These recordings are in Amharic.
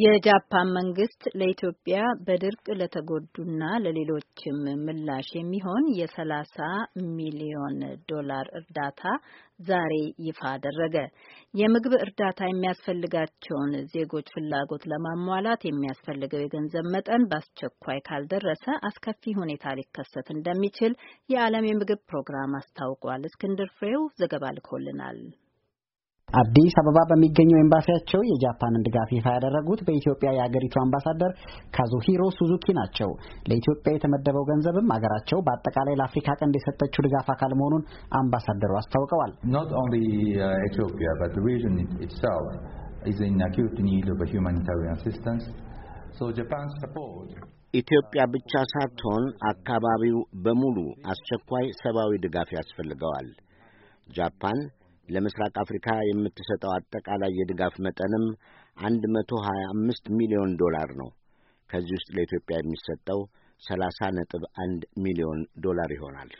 የጃፓን መንግስት ለኢትዮጵያ በድርቅ ለተጎዱና ለሌሎችም ምላሽ የሚሆን የሰላሳ ሚሊዮን ዶላር እርዳታ ዛሬ ይፋ አደረገ። የምግብ እርዳታ የሚያስፈልጋቸውን ዜጎች ፍላጎት ለማሟላት የሚያስፈልገው የገንዘብ መጠን በአስቸኳይ ካልደረሰ አስከፊ ሁኔታ ሊከሰት እንደሚችል የዓለም የምግብ ፕሮግራም አስታውቋል። እስክንድር ፍሬው ዘገባ ልኮልናል። አዲስ አበባ በሚገኘው ኤምባሲያቸው የጃፓንን ድጋፍ ይፋ ያደረጉት በኢትዮጵያ የአገሪቱ አምባሳደር ካዙሂሮ ሱዙኪ ናቸው። ለኢትዮጵያ የተመደበው ገንዘብም አገራቸው በአጠቃላይ ለአፍሪካ ቀንድ የሰጠችው ድጋፍ አካል መሆኑን አምባሳደሩ አስታውቀዋል። uh, ኢትዮጵያ ብቻ ሳትሆን አካባቢው በሙሉ አስቸኳይ ሰብአዊ ድጋፍ ያስፈልገዋል። ጃፓን ለምስራቅ አፍሪካ የምትሰጠው አጠቃላይ የድጋፍ መጠንም አንድ መቶ ሀያ አምስት ሚሊዮን ዶላር ነው። ከዚህ ውስጥ ለኢትዮጵያ የሚሰጠው ሰላሳ ነጥብ አንድ ሚሊዮን ዶላር ይሆናል።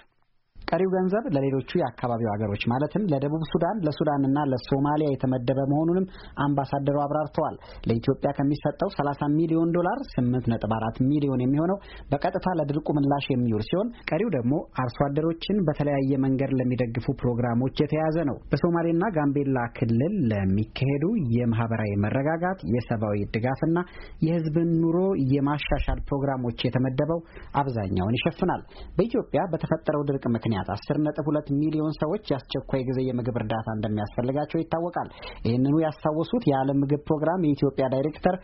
ቀሪው ገንዘብ ለሌሎቹ የአካባቢው ሀገሮች ማለትም ለደቡብ ሱዳን፣ ለሱዳንና ለሶማሊያ የተመደበ መሆኑንም አምባሳደሩ አብራርተዋል። ለኢትዮጵያ ከሚሰጠው 30 ሚሊዮን ዶላር 8.4 ሚሊዮን የሚሆነው በቀጥታ ለድርቁ ምላሽ የሚውል ሲሆን ቀሪው ደግሞ አርሶ አደሮችን በተለያየ መንገድ ለሚደግፉ ፕሮግራሞች የተያዘ ነው። በሶማሌና ጋምቤላ ክልል ለሚካሄዱ የማህበራዊ መረጋጋት፣ የሰብአዊ ድጋፍና የህዝብን ኑሮ የማሻሻል ፕሮግራሞች የተመደበው አብዛኛውን ይሸፍናል። በኢትዮጵያ በተፈጠረው ድርቅ ምክንያት ምክንያት 10.2 ሚሊዮን ሰዎች የአስቸኳይ ጊዜ የምግብ እርዳታ እንደሚያስፈልጋቸው ይታወቃል። ይህንኑ ያስታወሱት የዓለም ምግብ ፕሮግራም የኢትዮጵያ ዳይሬክተር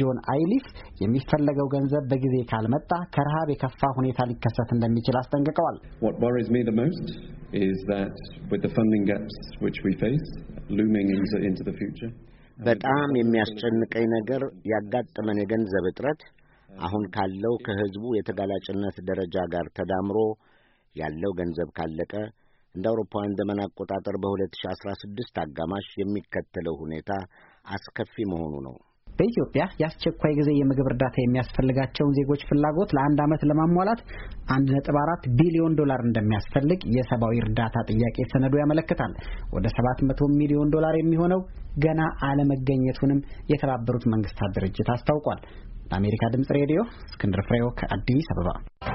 ጆን አይሊፍ የሚፈለገው ገንዘብ በጊዜ ካልመጣ ከረሃብ የከፋ ሁኔታ ሊከሰት እንደሚችል አስጠንቅቀዋል። በጣም የሚያስጨንቀኝ ነገር ያጋጠመን የገንዘብ እጥረት አሁን ካለው ከሕዝቡ የተጋላጭነት ደረጃ ጋር ተዳምሮ ያለው ገንዘብ ካለቀ እንደ አውሮፓውያን ዘመን አቆጣጠር በ2016 አጋማሽ የሚከተለው ሁኔታ አስከፊ መሆኑ ነው። በኢትዮጵያ የአስቸኳይ ጊዜ የምግብ እርዳታ የሚያስፈልጋቸውን ዜጎች ፍላጎት ለአንድ ዓመት ለማሟላት 1.4 ቢሊዮን ዶላር እንደሚያስፈልግ የሰብአዊ እርዳታ ጥያቄ ሰነዱ ያመለክታል። ወደ 700 ሚሊዮን ዶላር የሚሆነው ገና አለመገኘቱንም የተባበሩት መንግስታት ድርጅት አስታውቋል። ለአሜሪካ ድምጽ ሬዲዮ እስክንድር ፍሬው ከአዲስ አበባ